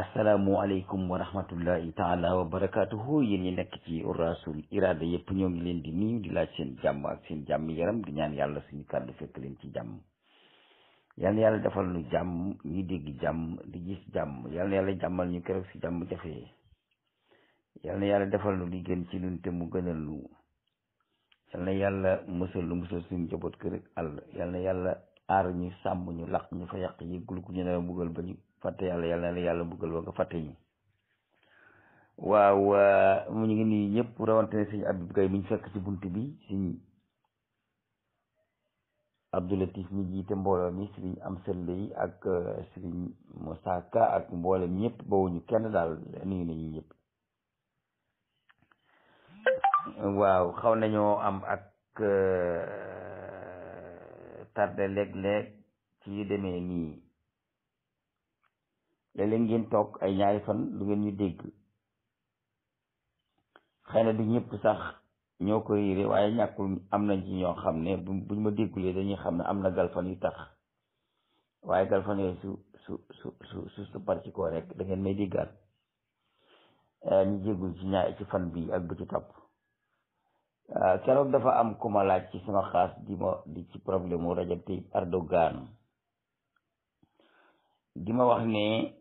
asalaamualeykum wa rahmatullahi taala wa barakaatuhu yéen ñi nekk ci Urazul Irada yëpp ñoo ngi leen di nuyu di laaj seen jàmm ak seen jàmm yaram di ñaan yàlla suñu kàddu fekk leen ci jàmm yal na yàlla defal nu jàmm ñu dégg jàmm di gis jàmm yal na yàlla jàmmal ñu keroog si jàmm jafee yal na yàlla defal nu li gën ci nun te mu gënal nu yal na yàlla musal lu musal suñu njaboot kër ak àll yal yàlla aar ñu sàmm ñu laq ñu fa yàq yëggul ku ñu ne la mbugal ba fàtte yàlla yàlla na yàlla mbugal ba nga fàtte ñi waaw mu ñu ngi nii ñëpp rawante ne sëñ Abib Gaye mi ñu fekk ci bunt bi sëñ Abdoulatif mi jiite mbooloo mi sëñ am setla yi ak euh, sëñ Moussa Ka ak mboolem ñëpp bawuñu kenn daal nuyu nañu ñëpp waaw xaw nañoo am ak euh, tardé léeg-léeg ci yu nii léeg ngeen toog ay ñaari fan lu ngeen ñu dégg xëy na du ñëpp sax ñoo ko réere waaye ñàkkul am nañ ci ñoo xam ne buñ ma déggulee dañuy xam ne am na galfan yu tax waaye galfan yooyu su su su su su su par ci koo rek da ngeen may déggaat eh, ñu jéggul ci ñaar ci fan bi ak bu ci topp eh, keroog dafa am ku ma laaj ci sama xaas di ma di ci problème mu Rajab Tayyip Erdogan di ma wax ne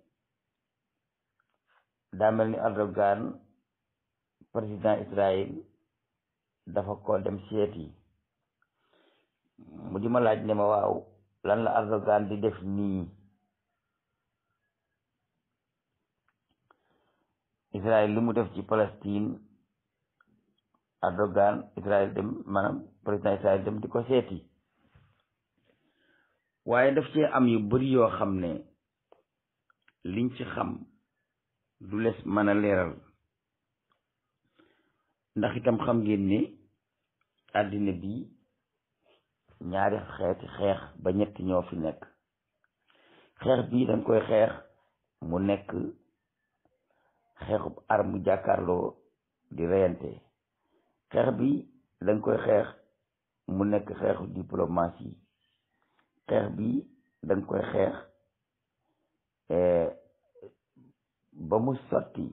daa mel ni Erdogan président Israël dafa ko dem seeti mu di ma laaj ne ma waaw lan la Erdogan di def nii Israël lu mu def ci Palestine Erdogan Israël dem maanaam président Israël dem di ko seeti waaye daf cee am yu bari yoo xam ne liñ ci xam du les mën a leeral ndax itam xam ngeen ne àddina bi ñaari xeex ba ñett ñoo fi nekk xeex bii dañ koy xeex mu nekk xeexu xeexub arme jàkkaarloo di reyante xeex bi dañ koy xeex mu nekk xeexu diplomatie xeex bi dañ koy xeex eh, ba mu sotti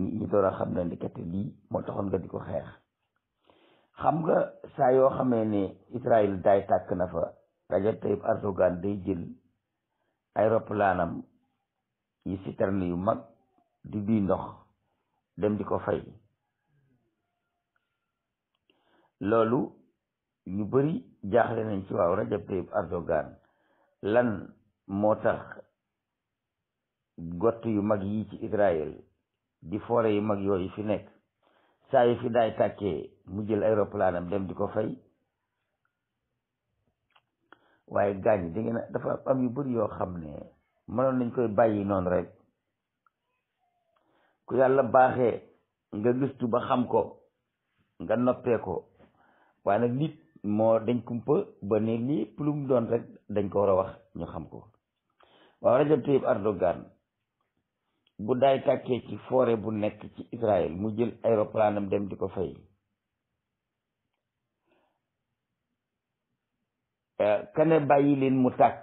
ñi ñi a xam ne ndekete lii moo taxoon nga di ko xeex xam nga saa yoo xamee ne Israël daay tàkk na fa Rajab Tayyip Erdogan day jël ay roplaanam yi ni yu mag di duy ndox dem di ko fay loolu ñu bari jaaxle nañ ci waaw Rajab Tayyip Erdogan lan moo tax gott yu mag yi ci Israël di foore yu mag yooyu fi nekk saa yu fi daay tàkkee mu jël aéroplane am dem di ko fay waaye gaañ di dafa am yu bëri yoo xam ne mënoon nañ koy bàyyi noonu rek ku yàlla baaxee nga gëstu ba xam ko nga noppee ko waaye nag nit moo dañ kumpa ba ne lépp lu doon rek dañ ko war a wax ñu xam ko waaw Rajab Tayyip Erdogan bu daay tàkkee ci forêt bu nekk ci Israël mu jël aéroplane dem di ko fay euh, kane bàyyi leen mu tàkk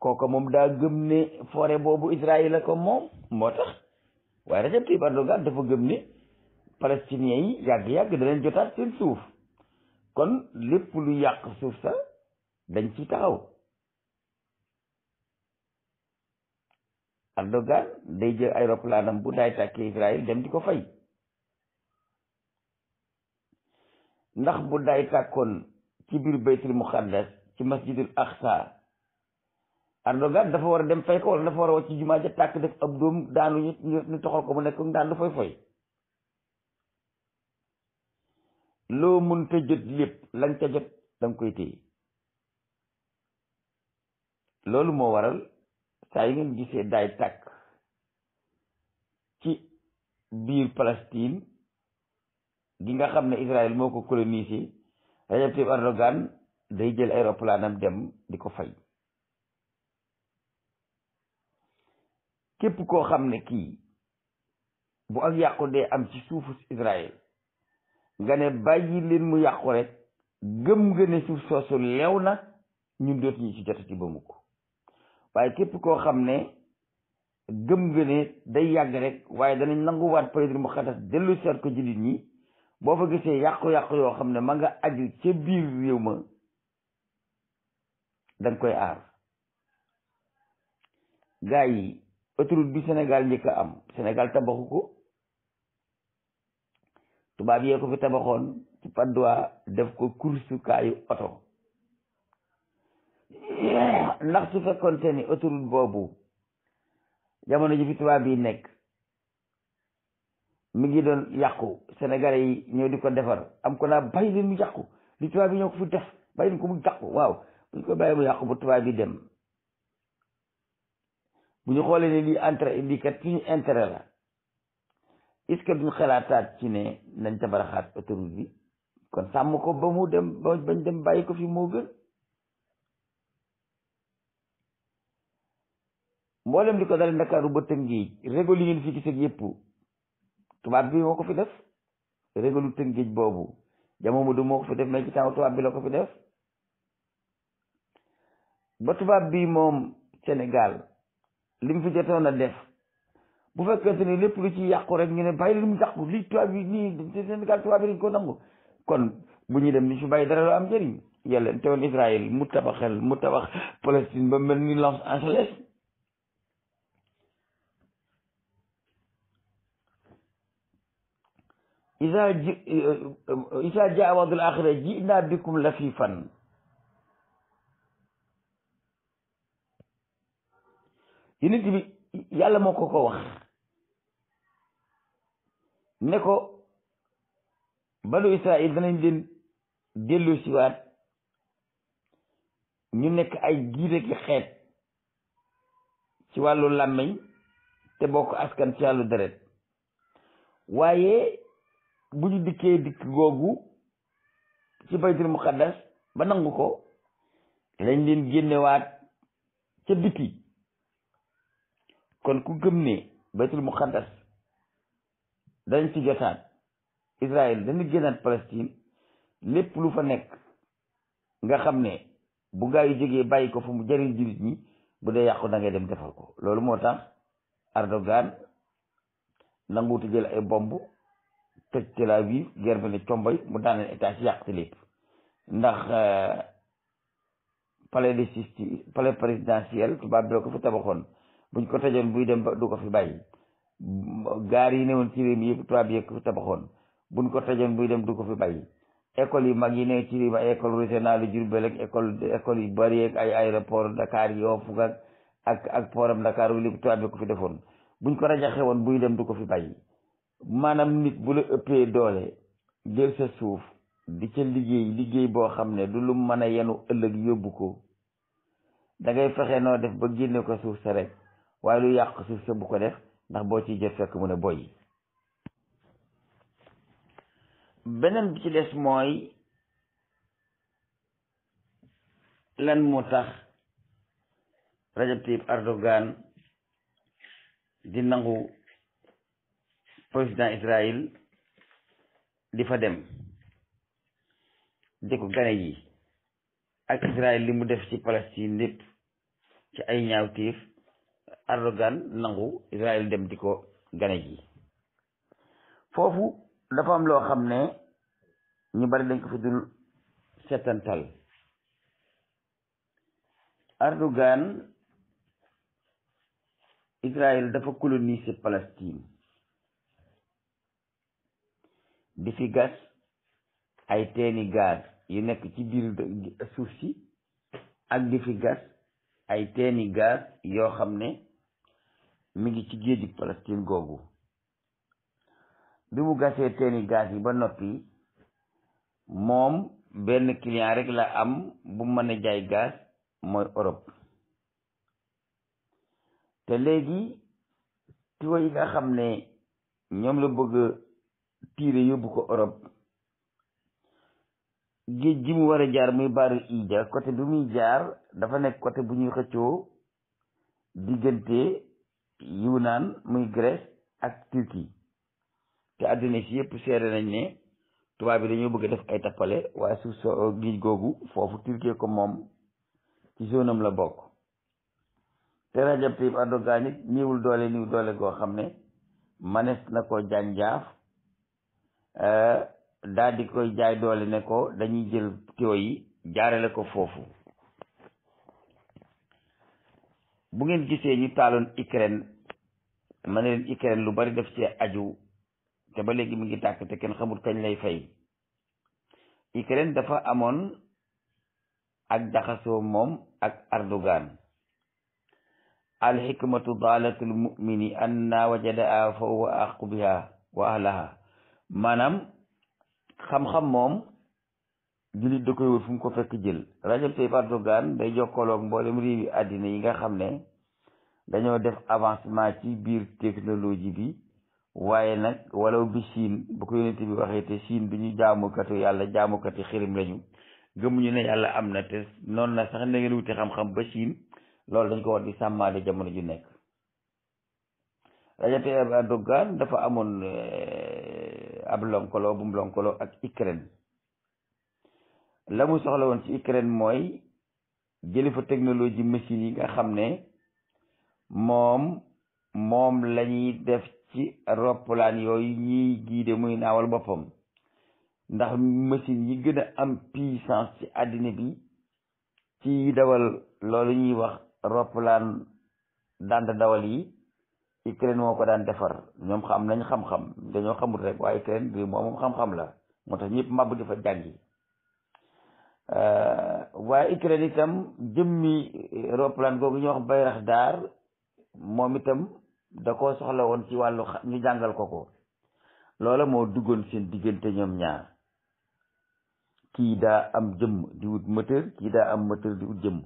kooka moom daa gëm ne forêt boobu Israël la ko moom moo tax waaye Recep Tayyip Erdogan dafa gëm ne palestiniens yi yàgg-yàgg danañ jotaat seen suuf kon lépp lu yàq suuf sa dañ ci taxaw Erdogan day jël ay bu daay tàkk Israël dem di ko fay ndax bu day tàkkoon ci biir baytul muqaddas ci masjidul aqsa Erdogan dafa war a dem fay ko wala dafa war a wàcc ci jumaa ja tàkk def ab doom daanu ñu ñu toxal ko mu nekk daan du foy foy loo mënta jot lépp lañ ca jot danga koy téye loolu moo waral saa yi ngeen gisee daay takk ci biir Palestine gi nga xam ne Israël moo ko colonisé Recep Tayyip Erdogan day jël aéroplaanam dem di ko fay képp koo xam ne kii bu ak yàqu dee am ci suufu Israël nga ne bàyyi leen mu yàqu rek gëm nga ne suuf soosu lew na ñun dootuñu ci jotati ba mukk waaye képp koo xam ne gëm nga ne day yàgg rek waaye danañ nanguwaat président mu xatas dellu seet ko jullit ñi boo fa gisee yàqu-yàqu yoo xam ne ma nga aju ca biir réew ma dañ koy aar gaa yi autoroute bi Sénégal njëkk am Sénégal tabaxu ko tubaab yee ko fi tabaxoon ci Patte def ko kursu kaayu oto ndax su fekkonte ni autoroute boobu jamono ji fi tubaab bi nekk mu ngi doon yàqu sénégalais yi ñëw di ko defar am ko naa bàyyi leen mu yàqu li tubaab yi ñoo ko fi def bàyyi leen ko mu yàqu waaw bu ñu ko bàyyi mu yàqu ba tubaab bi dem bu ñu xoolee ne lii intérêt lii kat suñu intérêt la est-ce que duñ xalaataat ci ne nañ tabaraxaat autoroute bi kon sàmm ko ba mu dem bañ dem bàyyi ko fi moo gën mboolem li ko dale ndakaaru ba tëngéej régolu ngeen fi gis ak yëpp tubaab bi moo ko fi def régolu tëngéej boobu jamono du moo ko fi def mais ci temps bi la ko fi def ba tubaab bi moom Sénégal li mu fi jotoon a def bu fekkente ne lépp lu ci yàqu rek ñu ne bàyyi lu mu yàqu li tubaab yi nii Sénégal tubaab yi dañ ko nangu kon bu ñu dem ni su bàyyi dara lu am njëriñ yàlla teewoon Israël mu tabaxel mu tabax Palestine ba mel ni Los isa ji isa jaa wa'dul axira ji'naa bikum lafiifan yonent bi yàlla moo ko ko wax ne ko banu israil danañ leen dellu siwaat ñu nekk ay giire xeet ci wàllu làmmiñ te bokk askan ci wàllu deret waaye bu ñu dikkee dikk googu ci baytul muqaddas ba nangu ko lañ leen génnewaat ca biti kon ku gëm ne baytul muqaddas dañ ci jotaat Israël dañu génnaat Palestine lépp lu fa nekk nga xam ne bu gaa yu jógee bàyyi ko fa mu jëriñ jullit ñi bu dee yàqu da ngay dem defal ko loolu moo tax Erdogan nanguutu jël ay bomb toj Tel Aviv guerre bi ne combay mu daaneel état si yàq si ndax euh, palais de justice palais présidentiel tubaab bi ko fi tabaxoon buñ ko tojoon buy dem ba du ko fi bàyyi gaar yi newoon ci réew mi yëpp tubaab tabaxoon buñ ko tojoon buy dem du ko fi bàyyi école yi mag yi ne ci réew mi école régionale Diourbel ak école école yu bari ay aéroport Dakar yoo fukk ak ak ak pooram Dakar wu lépp tubaab ko fi defoon buñ ko rajaxe woon buy dem du ko fi bàyyi maanaam nit bu la ëppee doole jël sa suuf di ca liggéey liggéey boo xam ne lu lu mën a yenu ëllëg yóbbu ko da fexe noo def ba génne ko suuf sa rek waaye lu yàq suuf sa bu ko def ndax boo ciy jot fekk mu ne boy beneen bi ci des mooy lan moo tax Rajab Tayyip Erdogan di nangu président Israël di fa dem di ko gane yi ak Israël li mu def ci Palestine lépp ci ay ñaawteef Erdogan nangu Israël dem di ko gane yi foofu dafa am loo xam ne ñu bari lañ ko fi dul setantal Erdogan Israël dafa coloniser Palestine di fi gas ay teeni gaz yu nekk ci biir suuf si ak di fi gas ay teeni gaz yoo xam ne mi ngi ci géeju Palestine googu bi mu gasee teeni gaz yi ba noppi moom benn client rek la am bu mën a jaay gaz mooy Europe te léegi tuyaux yi nga xam ne ñoom la bëgg piire yóbbu ko Europe géej gi mu war a jaar muy baarul ija côté bi muy jaar dafa nekk côté bu ñuy xëccoo diggante Yunaan muy Grèce ak Turquie te àdduna si yëpp seere nañ ne tubaab bi dañoo bëgg a def ay tappale waaye suuf soo géej googu foofu Turquie ko moom ci zone la bokk te Rajab Tayyip Erdogan it niiwul doole niiw doole goo xam ne manes na ko janjaaf Euh, daal di koy jaay doole ne ko dañuy jël tuyau yi jaarale ko foofu bu ngeen gisee ñu taaloon Ukraine ma ne lu bari def ci aju te ba mi ngi tàkk kenn xamul kañ lay fay Ukraine dafa amoon ak jaxasoo moom ak Erdogan al xikmatu daalatul mumini anna wajada a fa huwa wa ahlaha maanaam xam-xam moom jullit da koy wër fu mu ko fekk jël Rajab Tayyip Erdogan day jokkaloog mboolem réew yi àddina yi nga xam ne dañoo def avancement ci biir technologie bi waaye nag walaw bi Chine bu ko yonent bi waxee te Chine du ñu jaamukatu yàlla jaamukati xirim lañu gëmuñu ne yàlla am na te noonu na sax na ngeen wuti xam-xam ba Chine loolu dañ ko war di sàmmaale jamono ju nekk Rajab Tayyip dafa amoon eh, ab lonkoloo bu mu ak Ukraine la mu soxla woon ci Ukraine mooy jëli fa technologie machine yi nga xam ne moom moom lañuy def ci roppalaan yooyu ñiy giide muy naawal boppam ndax machine yi gën a am puissance ci àddina bi ci dawal loolu ñuy wax roppalaan dànd dawal yi Ukraine moo ko daan defar ñoom xam nañ xam-xam dañoo xamul rek waaye Ukraine moom xam la moo tax ñëpp màbb di fa jàngi euh, waaye Ukraine itam jëmmi roplaan googu ñuy wax bayrax daar moom itam da koo soxla woon ci wàllu ñu jàngal ko ko loola moo duggoon seen diggante ñoom ñaar kii daa am jëmm di wut kii daa am moteur di wut jëmm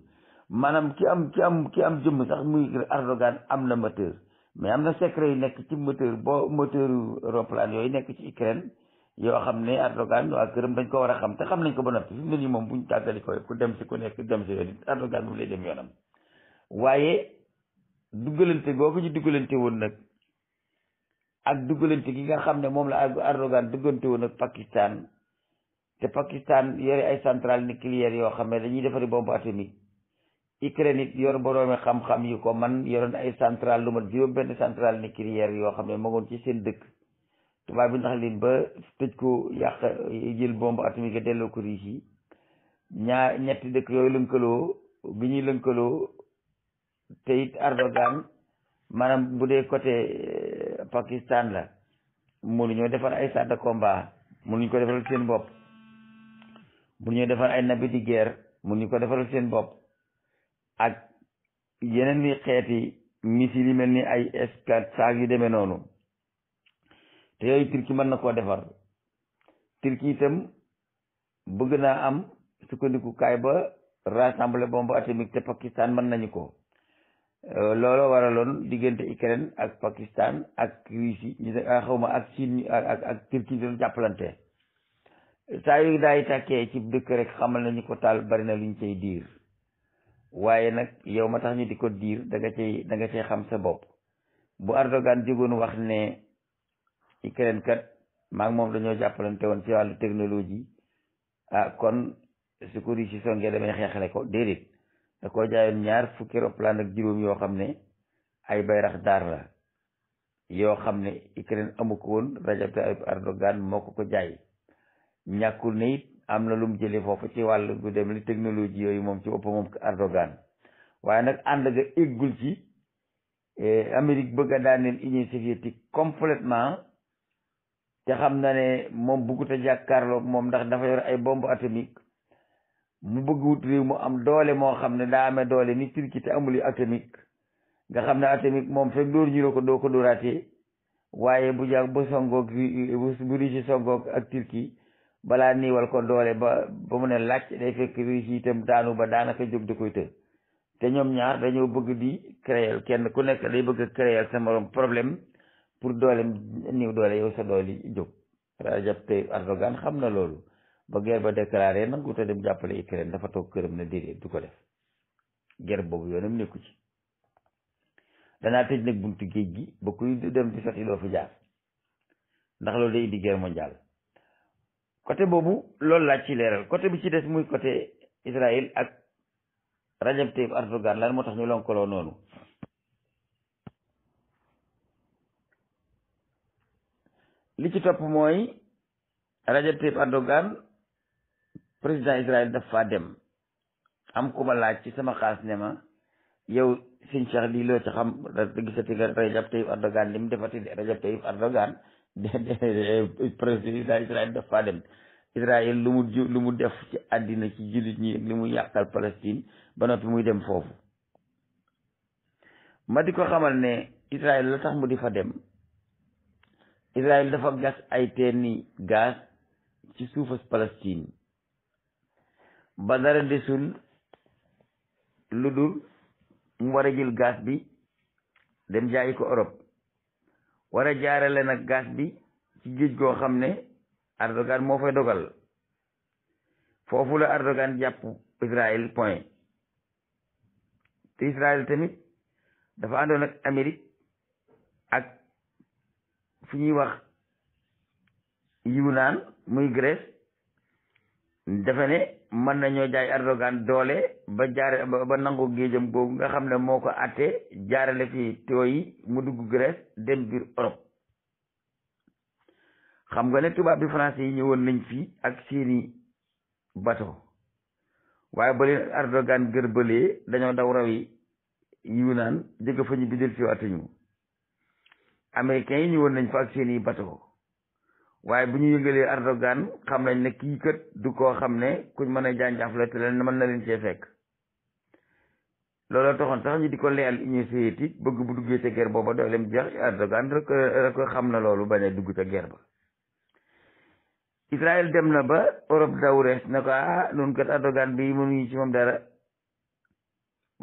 maanaam ki am ki am ki am jëmm sax muy Erdogan am na moteur mais am na secret yu nekk ci moteur boo moteur roplaan yooyu nekk ci Ukraine yoo xam ne Erdogan waa këram dañ ko war a xam te xam nañ ko ba noppi fi mu ne nii moom buñ tàggali ko ku dem si ku nekk dem si yoon Erdogan moom lay dem yoonam waaye duggalante googu ñu duggalante woon nag ak duggalante gi nga xam ne moom la Erdogan duggante woon ak Pakistan te Pakistan yore ay centrale nucléaire yoo xam ne dañuy defari bombe atomique ikra nit yor boroomi xam-xam yi ko man yoroon ay centrale lu mat juróom benn central nucléaire yoo xam ne moogoon ngoon ci seen dëkk tubaab bi ndax leen ba tëj ko yàq jël at mi a delloo ko riis yi ñaar ñetti dëkk yooyu lënkaloo bi ñuy lënkaloo te it Erdogan maanaam bu dee côté euh, Pakistan la mënuñoo defar ay chars de combat mënuñ ko defaral seen bopp mënuñoo defar ay navires de guerre mënuñ ko defaral seen bopp ak yeneen ni xeeti missile yi mel ni ay S400 yu demee noonu te yooyu Turquie mën na koo defar Turquie itam bëgg naa am sukkandiku kaay ba rassembler bombe atomique te Pakistan mën nañu ko euh, looloo waraloon diggante Ukraine ak Pakistan ak Russie ñu ne ah, xawma ak Chine ak ak Turquie doon jàppalante saa yu daay tàkkee ci dëkk rek xamal nañu ko taal bari na luñ cay diir. waaye nag yow ma tax ñu di ko diir danga ci cay da xam sa bopp bu Erdogan jógoon wax ne Ukraine kat maak moom dañoo jàppalante woon ci wàllu technologie ah kon su ko Russie songee damay xeexale ko déedéet da koo jaayoon ñaar fukki roplaan ak juróom yoo xam ne ay bayrax daar la yoo xam ne Ukraine amu ko woon Rajab Tayyip Erdogan moo ko ko jaay ñàkkul ne am na lu mu jëlee foofu ci wàll gu dem li technologie yooyu moom ci ëpp moom Erdogan waaye nag ànd nga éggul ci eh, Amérique bëgg a daaneel Union soviétique complètement te xam na ne moom buggut a jàkkaarloog moom ndax dafa yor ay bomb atomique mu bëgg wut réew mu am doole moo xam ne daa amee doole ni Turquie te amul atomique nga xam ne atomique moom fekk dóor ñu ko doo ko dóoraatee waaye bu jàpp bu songoog bu Russie ak Turquie balaa niiwal ko doole ba ba mu ne làcc day fekk riis yi itam daanu ba daanaka jóg di koy të te ñoom ñaar dañoo bëgg di créer kenn ku nekk day bëgg créer sa morom problème pour doole niiw doole yow sa doole yi jóg Rajab te xam na loolu ba guerre ba déclaré te dem jàppale Ukraine dafa toog këram na déedéet du ko def guerre boobu yoonam nekku ci danaa tëj nag buntu géej gi ba kuy dem di sotti doo fi jaar ndax loolu day indi guerre mondiale côté boobu loolu laa ci leeral côté bi ci des muy côté Israël ak Rajab Tayyip Erdogan lan moo tax ñu lonkaloo noonu li ci topp mooy Rajab Tayyip Erdogan président Israël daf faa dem am ku ma laaj ci sama xaas ne ma yow sëñ Cheikh lii loo ci xam gisati nga Rajab Tayyip Erdogan li mu defati Rajab Tayyip Erdogan président Israël daf dem Israël lu mu lu mu def ci àddina ci jullit ñi li mu yàqal Palestine ba noppi muy dem foofu ma di ko xamal ne Israël la tax mu di fa dem Israël dafa gas ay teeni gaz ci suufa Palestine ba dara desul lu dul mu war a jël gaz bi dem jaayi ko Europe war a jaarale nag gas bi ci géej goo xam ne Erdogan moo fay dogal foofu la Erdogan jàpp Israël point te Israël tamit dafa àndoon ak Amérique ak fi ñuy wax Yunaan muy Grèce dafa ne mën nañoo jaay Erdogan doole ba jaare ba nangu géejam googu nga xam ne moo ko àtte jaarale fi too mu dugg Grèce dem biir Europe xam nga ne tubaab bi français yi ñëwoon nañ fii ak seeni bato waaye ba leen Erdogan gërbalee dañoo daw raw yi naan jóge fa ñu bidil si waatuñu américains yi ñëwoon nañ fa ak seeni bato waaye bu ñu yëgalee Erdogan xam nañ ne kii kët du koo xam ne kuñ mën a jaanjaaf la te leen mën na leen cee fekk looloo toxoon sax ñu di ko leyal Union soviétique bëgg bu duggee ca guerre booba dooleem jeex Erdogan rek rek xam na loolu bañ a dugg ca guerre ba Israël dem na ba Europe dawrees na ko ah nun kat Erdogan bi mënuñu ci moom dara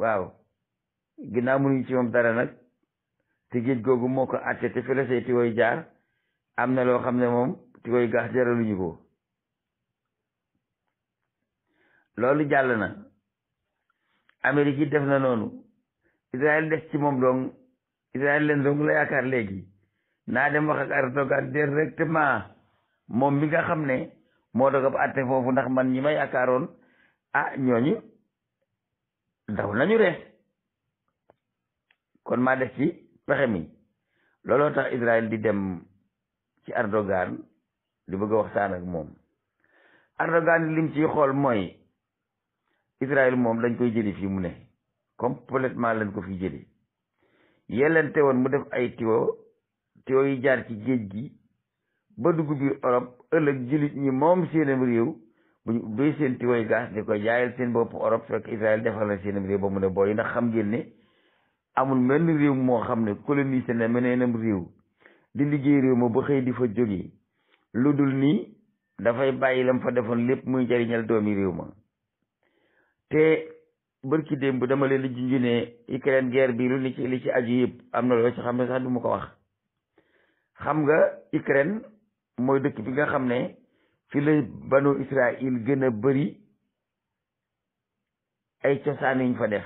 waaw ginnaaw mënuñu ci moom dara nag te géej googu moo ko àtte te fële tiwoy jaar am na loo xam ne moom tiwoy gaax jaraluñu ko loolu jàll na Amérique yi def na noonu Israël des ci moom dong Israël leen dong la yaakaar léegi naa dem wax ak Erdogan directement moom mi nga xam ne moo doog a àtte foofu ndax man ñi ma yaakaaroon a ah, ñooñu daw nañu rees kon maa def ci pexe mi looloo tax Israël di dem ci Erdogan di bëgg a waxtaan ak moom Erdogan lim ci xool mooy Israël moom dañ koy jëli fii mu ne complètement lañ ko fi jëli yelente woon mu def ay tiwo tiwo yi jaar ci géej gi ba dugg biir Europe ëllëg jullit ñi moom seenam réew bu ñu ubbee seen tiway gaas di ko jaayal seen bopp Europe fekk Israël defal na seenam réew ba mu ne booy ndax xam ngeen ne amul menn réew moo xam ne colonisé na meneenam réew di liggéey réew ma ba di fa jógee lu dul nii dafay bàyyi lam fa defoon lépp muy njariñal doomi réew ma te bërki démb dama leen di junju ne Ukraine guerre lu ni ci li ci aju yëpp am na loo ci xam ne sax du ma ko wax xam nga Ukraine mooy dëkk bi nga xam ne fi la banu Israël gën a bëri ay cosaan yiñ fa def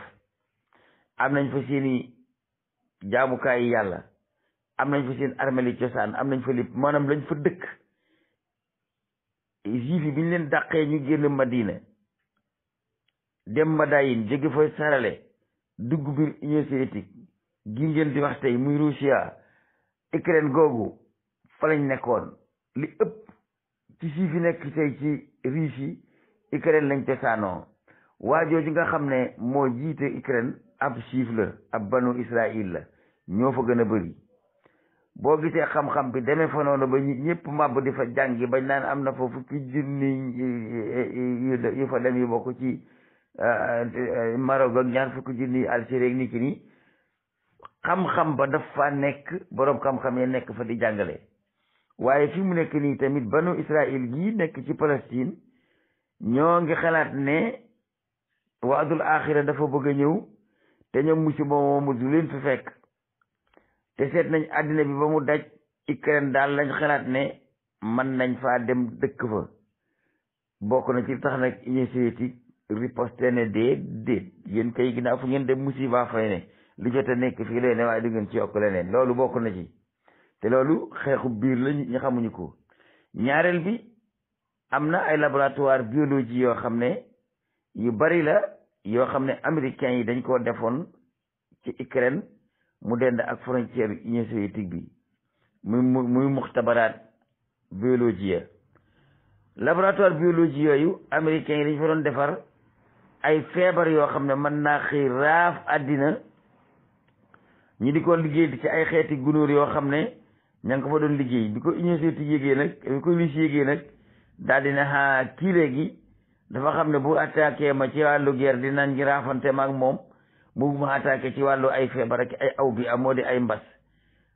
am nañ fa seeni jaamukaay yàlla am nañ fa seen armeli cosaan am nañ fa lépp maanaam lañ fa dëkk juif yi bi ñu leen dàqee ñu génn Madina dem Madayin jóge fa sarale dugg biir Union soviétique gi ngeen di wax tey muy Russia Ukraine googu fa lañ nekkoon li ëpp ci juif yi nekk ci riche yi Ukraine lañ cosaanoo waa jooju nga xam ne moo jiite Ukraine ab juif la ab banu Israël la ñoo fa gën a bëri boo gisee xam-xam bi demee fa noonu ba ñëpp màbb di fa jàngi bañ naan am na fa fukki junni yu fa dem yu bokk ci euh, Maroc ak ñaar fukki junni Algérie ak nit nii xam-xam ba dafa nekk boroom xam-xam yi nekk fa di jàngale waaye fi mu nekk nii tamit banu Israël gii nekk ci Palestine ñoo ngi xalaat ne waadul axira dafa bëgg a ñëw te ñoom musiba moomu du leen fi fekk te seet nañ àddina bi ba mu daj Ukraine daal lañ xalaat ne man nañ faa dem dëkk fa bokk na ci tax nag Union soviétique riposte ne déet déet yéen kay ginnaaw fu ngeen dem musiba fay ne li jot a nekk fii lay ne waaye du ngeen ci yokk leneen loolu bokk na ci te loolu xeexu biir la nit xamuñu ko ñaareel bi am na ay laboratoire biologie yoo xam ne yu bari la yoo xam ne americain yi dañ koo defoon ci Ukraine mu dend ak frontière Union soviétique bi muy muy muxtabaraat biologie laboratoire biologie yooyu américains yi dañ fa doon defar ay feebar yoo xam ne mën naa xëy raaf àddina ñu di ko liggéey di ci ay xeeti gunóor yoo xam ne ña ngi ko fa doon liggéey bi ko Union soviétique yégee nag bi ko Russie yégee nag daal dina xaa kii léegi dafa xam ne bu attaqué ma ci wàllu guerre dinañ ngi raafante ma ak moom bu mu attaqué ci wàllu ay feebar ak ay aw a moo di ay mbas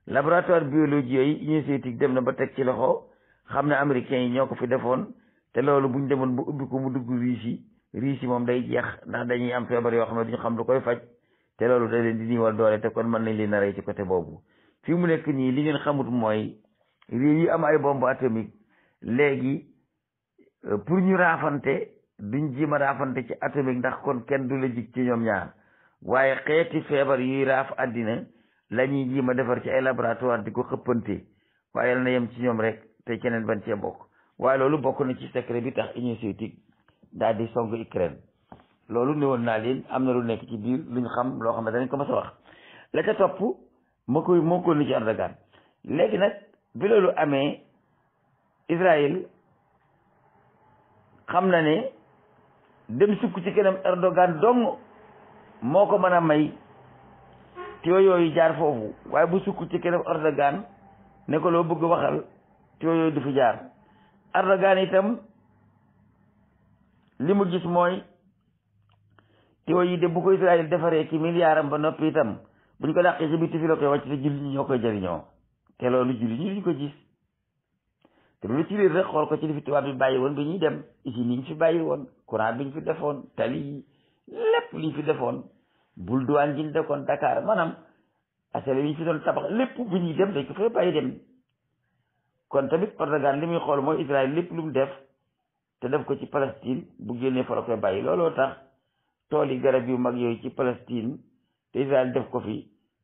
laboratoire biologie yooyu Union soviétique dem na ba teg ci loxo xam ne américains yi ñoo ko fi defoon te loolu buñ demoon ba ubbi ko mu dugg Russie Russie moom day jeex ndax dañuy am feebar yoo xam ne duñu xam lu koy faj te loolu da leen di niiwal doole te kon mën nañ leen a rey ci côté boobu fi mu nekk nii li ngeen xamut mooy réew yi am ay bomb atomique léegi euh, pour ñu raafante duñ jéem a raafante ci atomique ndax kon kenn du la jig ci ñoom ñaar waaye xeeti feebar yuy raaf àddina la ñuy jéem a defar ci ay laboratoire di ko xëppante waaye yal yem ci ñoom rek te keneen ban cee bokk waaye loolu bokk na ci secret bi tax Union soviétique daal di song Ukraine loolu néewoon naa leen am na lu nekk ci biir luñ xam loo xam ne dañ ko mas a wax la ca topp moo koy moo ko ni ci Erdogan léegi nag bi loolu amee Israël xam na ne dem sukk ci kanam Erdogan dong moo ko mën a may tuyau yooyu jaar foofu waaye bu sukk ci kanam Erdogan ne ko loo bëgg waxal tuyau yooyu du fi jaar Erdogan itam li mu gis mooy tuyau yi de bu ko Israël defaree ci milliardam ba noppi itam buñ ko dàqee si bitti fi la koy wàcc te jullit ñi ñoo koy jëriñoo te loolu jullit ñi ñu ko gis te lu ci biir rek xool ko ci li fi tubaab bi bàyyi woon dem usine yi ñu bàyyi woon courant bi ñu fi defoon tali yi lépp li fi defoon bul duwaan ji dekoon Dakar maanaam asele yi ñu fi doon lépp bu ñuy dem dañ ko fay bàyyi kon tamit Erdogan li muy xool mooy Israël lépp lu mu def te def ko ci Palestine bu génnee fa la koy bàyyi looloo tax tool yi garab yu mag yooyu ci Palestine te Israël def ko fi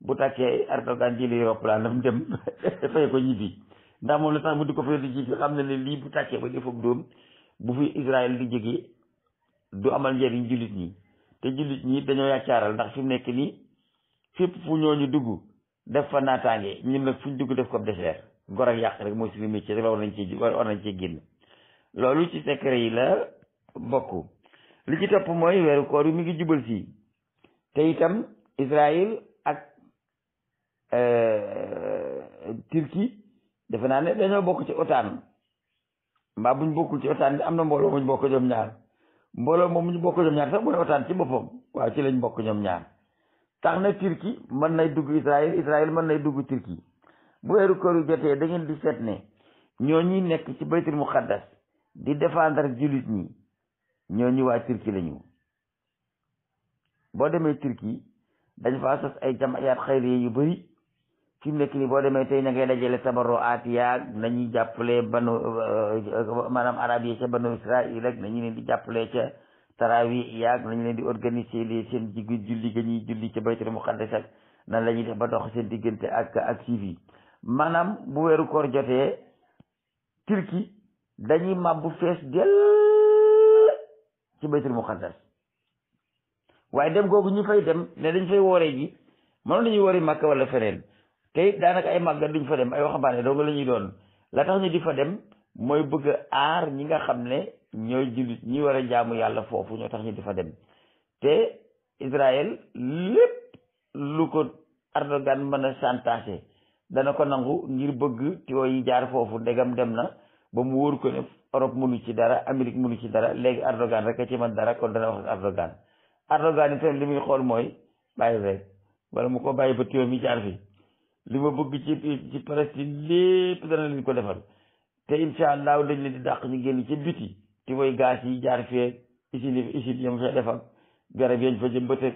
bu tàkkee Erdogan ji lay na daf dem fay ko ñibbi ndax moom la tax mu di ko fay di ji xam ne lii bu tàkkee ba def ak doom bu fi Israël di jógee du amal njëriñ jullit ñi te jullit ñi dañoo yàccaaral ndax fi mu nekk nii fépp fu ñooñu dugg def fa naataange ñun nag fu ñu dugg def ko de gor ak yàq rek mooy suñu métier te war nañ ci war nañ ci génn loolu ci secret yi la bokk li ci topp mooy weeru koor yi mi ngi jubal fii te Israël ak euh, Turquie defe naa ne dañoo bokk ci otaan mbaa buñ bokkul ci otaan bi am na mbooloo muñ bokk ñoom ñaar mbooloo moom ñu bokk ñoom ñaar sax mooy otaan ci boppam waaw ci lañ bokk ñoom ñaar tax na Turquie mën nay dugg Israël Israël mën nay dugg Turquie bu weeru koor jotee da di seet ne ñoo ñi nekk ci baytul muqaddas di défendre jullit ñi ñoo ñi waa Turquie lañu boo demee Turquie dañ faa sos ay jamayaat xayriya yu bëri fi nekk nii boo demee tey na ngay dajale sabaro aatiyaag nañuy jàppale banu euh, maanaam arab yi ca banu israil ak nañu leen di jàppale ca tarawi yaag nañu leen di organiser li seen jigéen julli ga ñuy julli ca baytul muqaddas ak nan la ñuy def ba dox seen diggante ak ak siif yi maanaam bu weeru koor jotee turki dañuy mabbu fees dell ci baytul muqaddas waaye dem googu ñu fay dem ne dañ fay wooree ji mënoon nañu woori màkk wala feneen te it daanaka ay màggat duñ fa dem ay waxambaane dong la ñuy doon la tax ñu di fa dem mooy bëgg a aar ñi nga xam ne ñooy jullit ñi war a jaamu yàlla foofu ñoo tax ñu di fa dem te Israël lépp lu ko Erdogan mën a santaase dana ko nangu ngir bëgg tuyoo yi jaar foofu ndegam dem na ba mu wóor ko ne Europe mënu ci dara Amérique mënu ci dara léegi Erdogan rek a ci mën dara kon dana wax ak Erdogan Erdogan itam li muy xool mooy bàyyi rek wala mu ko bàyyi ba tiwa mi jaar fi li ma bëgg ci ci Palestine lépp dana leen ko defal te incha allahu dañ leen di dàq ñu génn ci biti ti way gaz yi jaar fi fee usine usine yam fa defal garab yañ fa jëmbatëg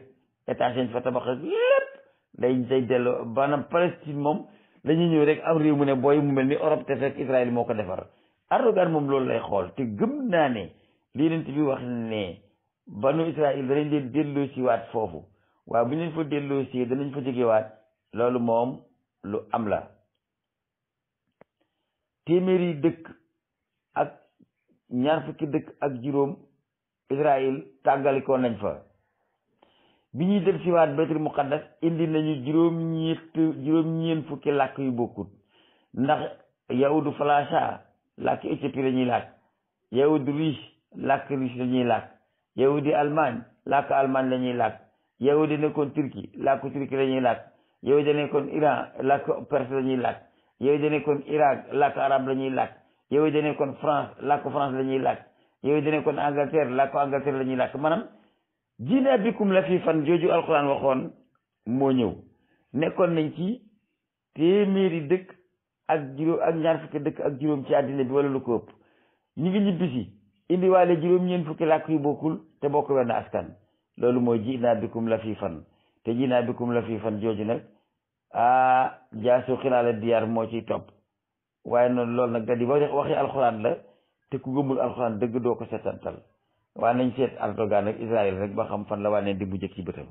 étage yañ fa tabax ak lépp day day delloo maanaam Palestine moom lañuy ñëw rek am réew mu ne booy mu mel ni Europe te fekk Israël moo ko defar Erdogan moom loolu lay xool te gëm naa ne li Yonent bi wax ne banu Israël danañ leen delloo si waat foofu waaye bu ñu leen fa delloo si danañ fa waat loolu moom lu am la téeméeri dëkk ak ñaar fukki dëkk ak juróom Israël tàggalikoo nañ fa bi ñuy dem si waat baytul muqaddas indi nañu juróom ñett juróom-ñeen fukki làkk yu bokkut ndax yahudu falasha làkk éthiopie lañuy ñuy làkk yahudu riche làkk riche la làkk yahudi Allemagne làkk Allemagne la ñuy làkk yahudi nekkoon Turquie làkku Turquie la ñuy làkk yahudi nekkoon Iran làkk perse la ñuy làkk yahudi nekkoon Irak làkk arab la ñuy làkk yahudi nekkoon France làkku France la ñuy làkk yahudi nekkoon Angleterre làkk Angleterre la ñuy làkk maanaam diina bikum la fii fan jooju alquran waxoon moo ñëw nekkoon nañ ci téeméeri dëkk ak juróom ak ñaar fukki dëkk ak juróom ci àddina bi wala lu ko ëpp ñu ngi ñibbisi indiwaale juróom-ñeent fukki làkk yu bokkul te bokk wenn askan loolu mooy ji naa bikum la fii fan te ji naa bikum la fii fan jooju nag ah jaasu xilaala diyaar moo ciy topp waaye noonu loolu nag da di waxi alxuraan la te ku gëmul alxuraan dëgg doo ko setantal waa nañ seet Erdogan ak Israël rek ba xam fan la waa neen di bu jëkk ci bëtam